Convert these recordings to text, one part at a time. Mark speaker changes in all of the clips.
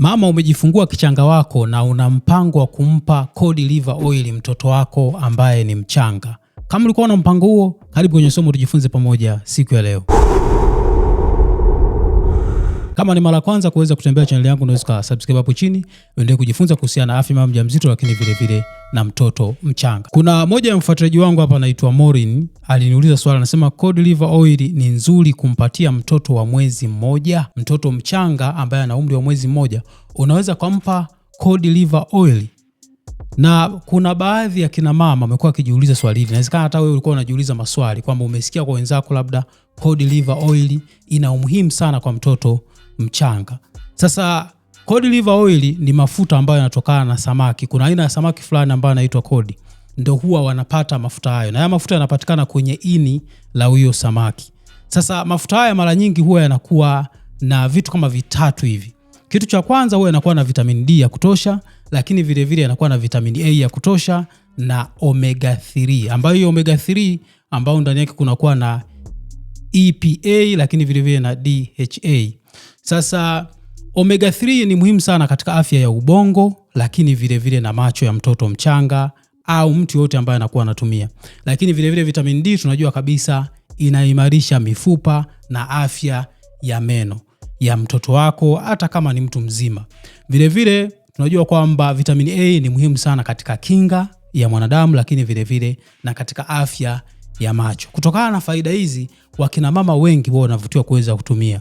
Speaker 1: Mama, umejifungua kichanga wako na una mpango wa kumpa cod liver oil mtoto wako ambaye ni mchanga. Kama ulikuwa na mpango huo, karibu kwenye somo tujifunze pamoja siku ya leo. Kama ni mara kwanza kuweza kutembea channel yangu, unaweza subscribe hapo chini uendelee kujifunza kuhusiana na afya mama mjamzito, lakini vile vile na mtoto mchanga. Kuna moja ya mfuatiliaji wangu hapa anaitwa Morin aliniuliza swali, anasema cod liver oil ni nzuri kumpatia mtoto wa mwezi mmoja? Mtoto mchanga ambaye ana umri wa mwezi mmoja unaweza kumpa cod liver oil? na kuna baadhi ya kina mama wamekuwa wakijiuliza swali hili. Inawezekana hata wewe ulikuwa unajiuliza maswali kwamba umesikia kwa wenzako labda cod liver oil ina umuhimu sana kwa mtoto mchanga. Sasa cod liver oil ni mafuta ambayo yanatokana na samaki. Kuna aina ya samaki fulani ambayo anaitwa cod, ndio huwa wanapata mafuta hayo, na haya mafuta yanapatikana kwenye ini la huyo samaki. Sasa mafuta haya mara nyingi huwa yanakuwa na vitu kama vitatu hivi. Kitu cha kwanza huwa yanakuwa na vitamin D ya kutosha, lakini vile vile yanakuwa na vitamini A ya kutosha na omega 3, ambayo hiyo omega 3 ambayo ndani yake kunakuwa na EPA lakini vile vile na DHA. Sasa omega 3 ni muhimu sana katika afya ya ubongo, lakini vilevile vile na macho ya mtoto mchanga au mtu yoyote ambaye anakuwa anatumia. Lakini vilevile vitamin D tunajua kabisa inaimarisha mifupa na afya ya meno ya mtoto wako hata kama ni mtu mzima. Vilevile tunajua kwamba vitamin A ni muhimu sana katika kinga ya mwanadamu, lakini vilevile vile na katika afya ya macho. Kutokana na faida hizi, wakina mama wengi wao wanavutiwa kuweza kutumia.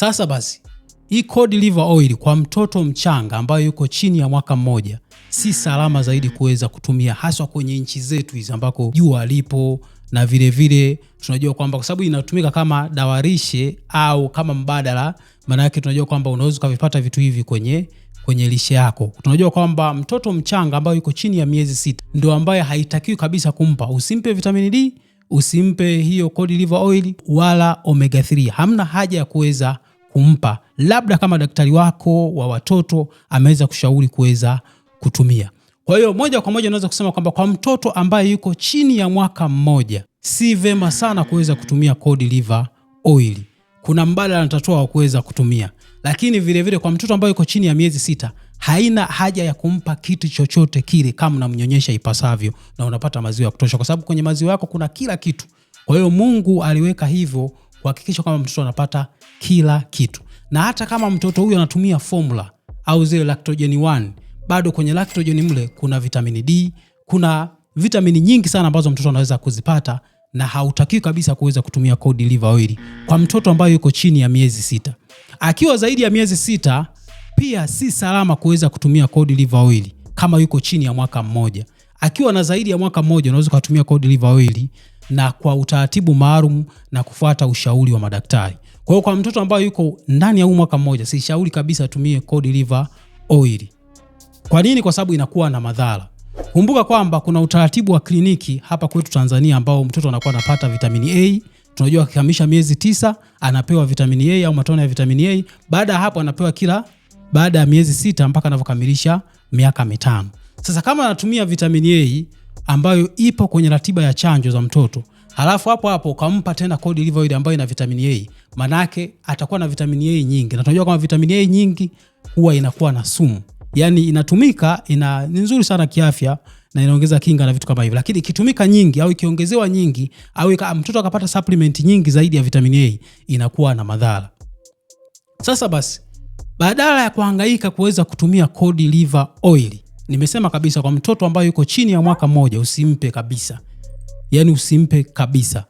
Speaker 1: Sasa basi hii cod liver oil kwa mtoto mchanga ambayo yuko chini ya mwaka mmoja si salama zaidi kuweza kutumia, haswa kwenye nchi zetu hizi ambako jua lipo na vilevile vile, tunajua kwamba kwa sababu inatumika kama dawarishe au kama mbadala, maana yake tunajua kwamba unaweza ukavipata vitu hivi kwenye kwenye lishe yako. Tunajua kwamba mtoto mchanga ambayo yuko chini ya miezi sita ndio ambaye haitakiwi kabisa kumpa, usimpe vitamini D, usimpe hiyo cod liver oil wala omega 3. Hamna haja ya kuweza kumpa, labda kama daktari wako wa watoto ameweza kushauri kuweza kutumia. Kwa hiyo moja kwa moja unaweza kusema kwamba kwa mtoto ambaye yuko chini ya mwaka mmoja, si vema sana kuweza kutumia cod liver oil. Kuna mbadala natatoa wa kuweza kutumia, lakini vilevile vile kwa mtoto ambaye yuko chini ya miezi sita haina haja ya kumpa kitu chochote kile kama unamnyonyesha ipasavyo na unapata maziwa ya kutosha, kwa sababu kwenye maziwa yako kuna kila kitu. Kwa hiyo Mungu aliweka hivyo kuhakikisha kwamba mtoto anapata kila kitu, na hata kama mtoto huyo anatumia formula au zile lactogen 1, bado kwenye lactogen mle kuna vitamini D, kuna vitamini nyingi sana ambazo mtoto anaweza kuzipata, na hautakiwi kabisa kuweza kutumia cod liver oil kwa mtoto ambaye yuko chini ya miezi sita. Akiwa zaidi ya miezi sita pia si salama kuweza kutumia cod liver oil kama yuko chini ya mwaka mmoja. Akiwa na zaidi ya mwaka mmoja unaweza kutumia cod liver oil na kwa utaratibu maalum na kufuata ushauri wa madaktari. Kwa hiyo kwa mtoto ambaye yuko ndani ya huu mwaka mmoja, sishauri kabisa atumie cod liver oil. Kwa nini? Kwa sababu inakuwa na madhara. Kumbuka kwamba kuna utaratibu wa kliniki hapa kwetu Tanzania ambao mtoto anakuwa anapata vitamini A tunajua akikamilisha miezi tisa anapewa vitamini A au matone ya vitamini A. Baada ya hapo anapewa kila baada ya miezi sita mpaka anavyokamilisha miaka mitano. Sasa kama anatumia vitamini A ambayo ipo kwenye ratiba ya chanjo za mtoto, halafu hapo hapo ukampa tena kodi livoid ambayo ina vitamini A, manake atakuwa na vitamini A nyingi, na tunajua kama vitamini A nyingi huwa inakuwa na sumu, yani inatumika ina ni nzuri sana kiafya na inaongeza kinga na vitu kama hivyo, lakini ikitumika nyingi au ikiongezewa nyingi au ika, mtoto akapata supplement nyingi zaidi ya vitamini A inakuwa na madhara. Sasa basi, badala ya kuhangaika kuweza kutumia cod liver oil nimesema kabisa kwa mtoto ambaye yuko chini ya mwaka mmoja usimpe kabisa, yaani usimpe kabisa.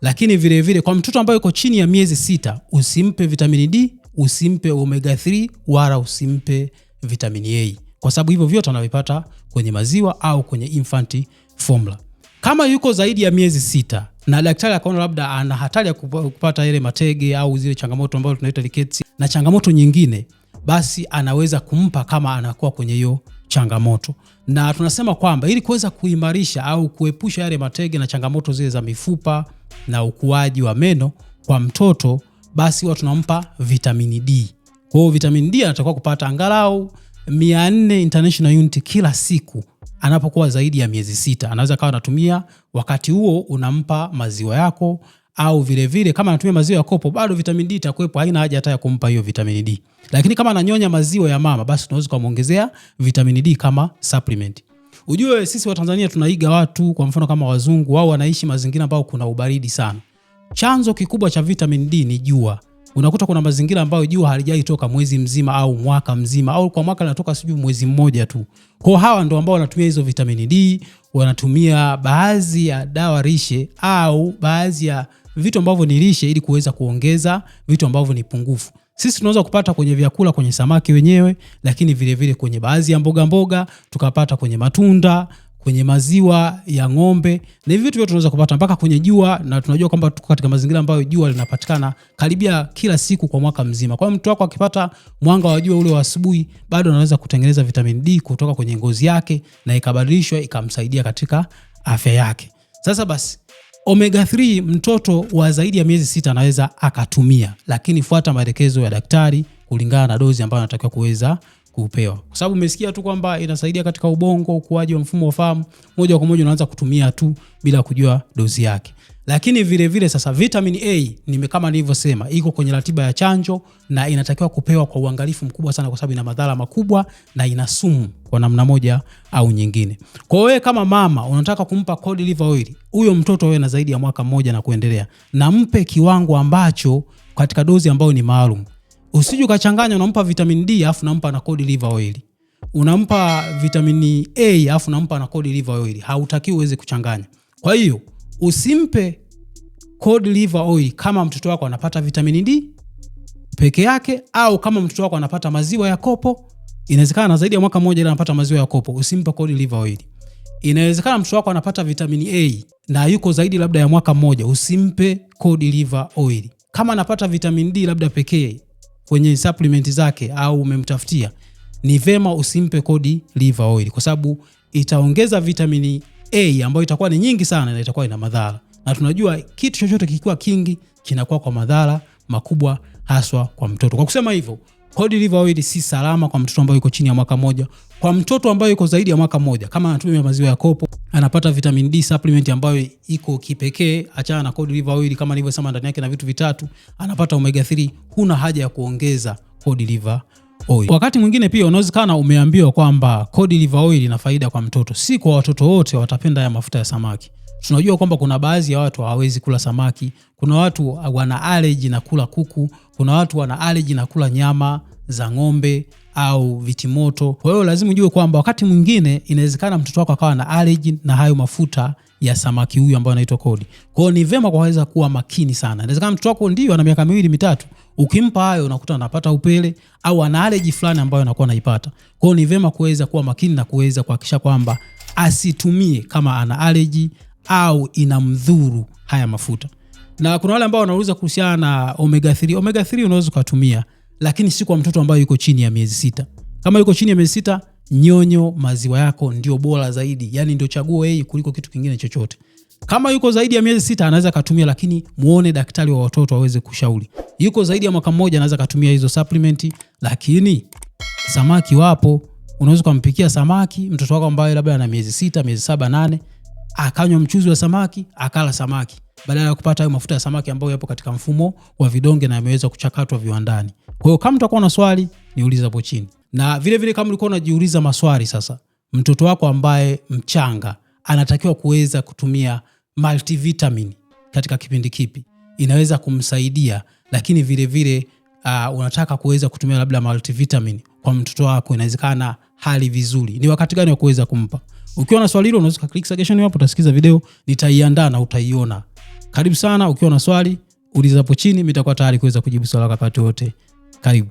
Speaker 1: Lakini vile vile kwa mtoto ambaye yuko chini ya miezi sita usimpe vitamini D, usimpe omega 3 wala usimpe vitamini A, kwa sababu hivyo vyote anavipata kwenye maziwa au kwenye infant formula. Kama yuko zaidi ya miezi sita na daktari akaona labda ana hatari ya kupata ile matege au zile changamoto ambazo tunaita rickets na changamoto nyingine, basi anaweza kumpa kama anakuwa kwenye hiyo changamoto, na tunasema kwamba ili kuweza kuimarisha au kuepusha yale matege na changamoto zile za mifupa na ukuaji wa meno kwa mtoto, basi huwa tunampa vitamini D. Kwa hiyo vitamini D anatakiwa kupata angalau 400 international unit kila siku anapokuwa zaidi ya miezi sita, anaweza kawa anatumia. Wakati huo unampa maziwa yako au vile vile kama anatumia maziwa ya kopo bado vitamini D itakuwepo, haina haja hata ya kumpa hiyo vitamini D. Lakini kama ananyonya maziwa ya mama, basi tunaweza kumuongezea vitamini D kama supplement. Ujue sisi wa Tanzania tunaiga watu, kwa mfano kama wazungu, wao wanaishi mazingira ambayo kuna ubaridi sana. Chanzo kikubwa cha vitamini D ni jua. Unakuta kuna mazingira ambayo jua halijai toka mwezi mzima au mwaka mzima au kwa mwaka linatoka sijui mwezi mmoja tu. Kwa hawa ndio ambao wanatumia hizo vitamini D, wanatumia baadhi ya dawa rishe au baadhi ya vitu ambavyo ni lishe ili kuweza kuongeza vitu ambavyo ni pungufu. Sisi tunaweza kupata kwenye vyakula, kwenye samaki wenyewe, lakini vile vile kwenye baadhi ya mboga mboga, tukapata kwenye matunda, kwenye maziwa ya ng'ombe, na hivi vitu vyote tunaweza kupata mpaka kwenye jua, na tunajua kwamba tuko katika mazingira ambayo jua linapatikana karibia kila siku kwa mwaka mzima. Kwa mtu wako akipata mwanga wa jua ule wa asubuhi, bado anaweza kutengeneza vitamin D kutoka kwenye ngozi yake na ikabadilishwa ikamsaidia katika afya yake. Sasa basi Omega 3 mtoto wa zaidi ya miezi sita anaweza akatumia, lakini fuata maelekezo ya daktari kulingana na dozi ambayo anatakiwa kuweza kupewa, kwa sababu umesikia tu kwamba inasaidia katika ubongo, ukuaji wa mfumo wa fahamu, moja kwa moja unaanza kutumia tu bila kujua dozi yake. Lakini vile vile sasa vitamin A ni kama nilivyosema iko kwenye ratiba ya chanjo na inatakiwa kupewa kwa uangalifu mkubwa sana kwa sababu ina madhara makubwa na ina sumu kwa namna moja au nyingine. Kwa hiyo kama mama unataka kumpa cod liver oil huyo mtoto awe na zaidi ya mwaka mmoja na kuendelea, na mpe kiwango ambacho katika dozi ambayo ni maalum. Usije ukachanganya unampa vitamin D afu unampa na cod liver oil. Unampa vitamin A afu unampa na cod liver oil. Hautakiwi uweze kuchanganya. Kwa hiyo usimpe cod liver oil kama mtoto wako anapata vitamini D peke yake, au kama mtoto wako anapata maziwa ya kopo. Inawezekana zaidi ya mwaka mmoja ile anapata maziwa ya kopo, usimpe cod liver oil. Inawezekana mtoto wako anapata vitamini A na yuko zaidi labda ya mwaka mmoja, usimpe cod liver oil. Kama anapata vitamin D labda pekee kwenye supplement zake au umemtafutia, ni vema usimpe cod liver oil kwa sababu itaongeza vitamini A ambayo itakuwa ni nyingi sana na itakuwa ina madhara, na tunajua kitu chochote kikiwa kingi kinakuwa kwa madhara makubwa, haswa kwa mtoto. Kwa kusema hivyo, Cod Liver si salama kwa mtoto ambaye yuko chini ya mwaka moja. Kwa mtoto ambaye yuko zaidi ya mwaka moja, kama anatumia maziwa ya kopo, anapata vitamin D supplement ambayo iko kipekee. Achana na Cod Liver kama nilivyosema, ndani yake na vitu vitatu, anapata omega 3. Huna haja ya kuongeza Cod Liver oil. Wakati mwingine pia unawezekana umeambiwa kwamba cod liver oil ina faida kwa mtoto. Si kwa watoto wote watapenda ya mafuta ya samaki. Tunajua kwamba kuna baadhi ya watu hawawezi kula samaki, kuna watu wana allergy na kula kuku, kuna watu wana allergy na kula nyama za ng'ombe au vitimoto. Kwa hiyo lazima ujue kwamba wakati mwingine inawezekana mtoto wako akawa na allergy na hayo mafuta ya samaki huyu ambayo anaitwa kodi. Kwa hiyo ni vema kwaweza kuwa makini sana. Inawezekana mtoto wako ndio ana miaka miwili mitatu, ukimpa hayo unakuta anapata upele au ana allergy fulani ambayo anakuwa anaipata. Kwa hiyo ni vema kuweza kuwa makini na kuweza kuhakikisha kwamba asitumie kama ana allergy au inamdhuru haya mafuta. Na kuna wale ambao wanauliza kuhusiana na omega 3. Omega 3 unaweza ukatumia lakini si kwa mtoto ambaye yuko chini ya miezi sita. Kama yuko chini ya miezi sita, nyonyo maziwa yako ndio bora zaidi, yani ndio chaguo yeye kuliko kitu kingine chochote. Kama yuko zaidi ya miezi sita anaweza akatumia, lakini muone daktari wa watoto aweze kushauri. Yuko zaidi ya mwaka mmoja anaweza akatumia hizo supplement, lakini samaki wapo, unaweza kumpikia samaki mtoto wako ambaye labda ana miezi sita, miezi saba, nane, akanywa mchuzi wa samaki, akala samaki badala ya kupata hayo mafuta ya samaki ambayo yapo katika mfumo wa vidonge na yameweza kuchakatwa viwandani. Kwa hiyo kama utakuwa na swali niulize hapo chini, na vile vile kama ulikuwa unajiuliza maswali sasa, mtoto wako ambaye mchanga anatakiwa kuweza kutumia multivitamin katika kipindi kipi inaweza kumsaidia, lakini vile vile uh, unataka kuweza kutumia labda multivitamin kwa mtoto wako, inawezekana hali vizuri, ni wakati gani wa kuweza kumpa? Ukiwa na swali hilo, unaweza click suggestion hapo, utasikiza video nitaiandaa na utaiona. Karibu sana, ukiwa na swali uliza hapo chini, mitakuwa tayari kuweza kujibu swali wakati wote. Karibu.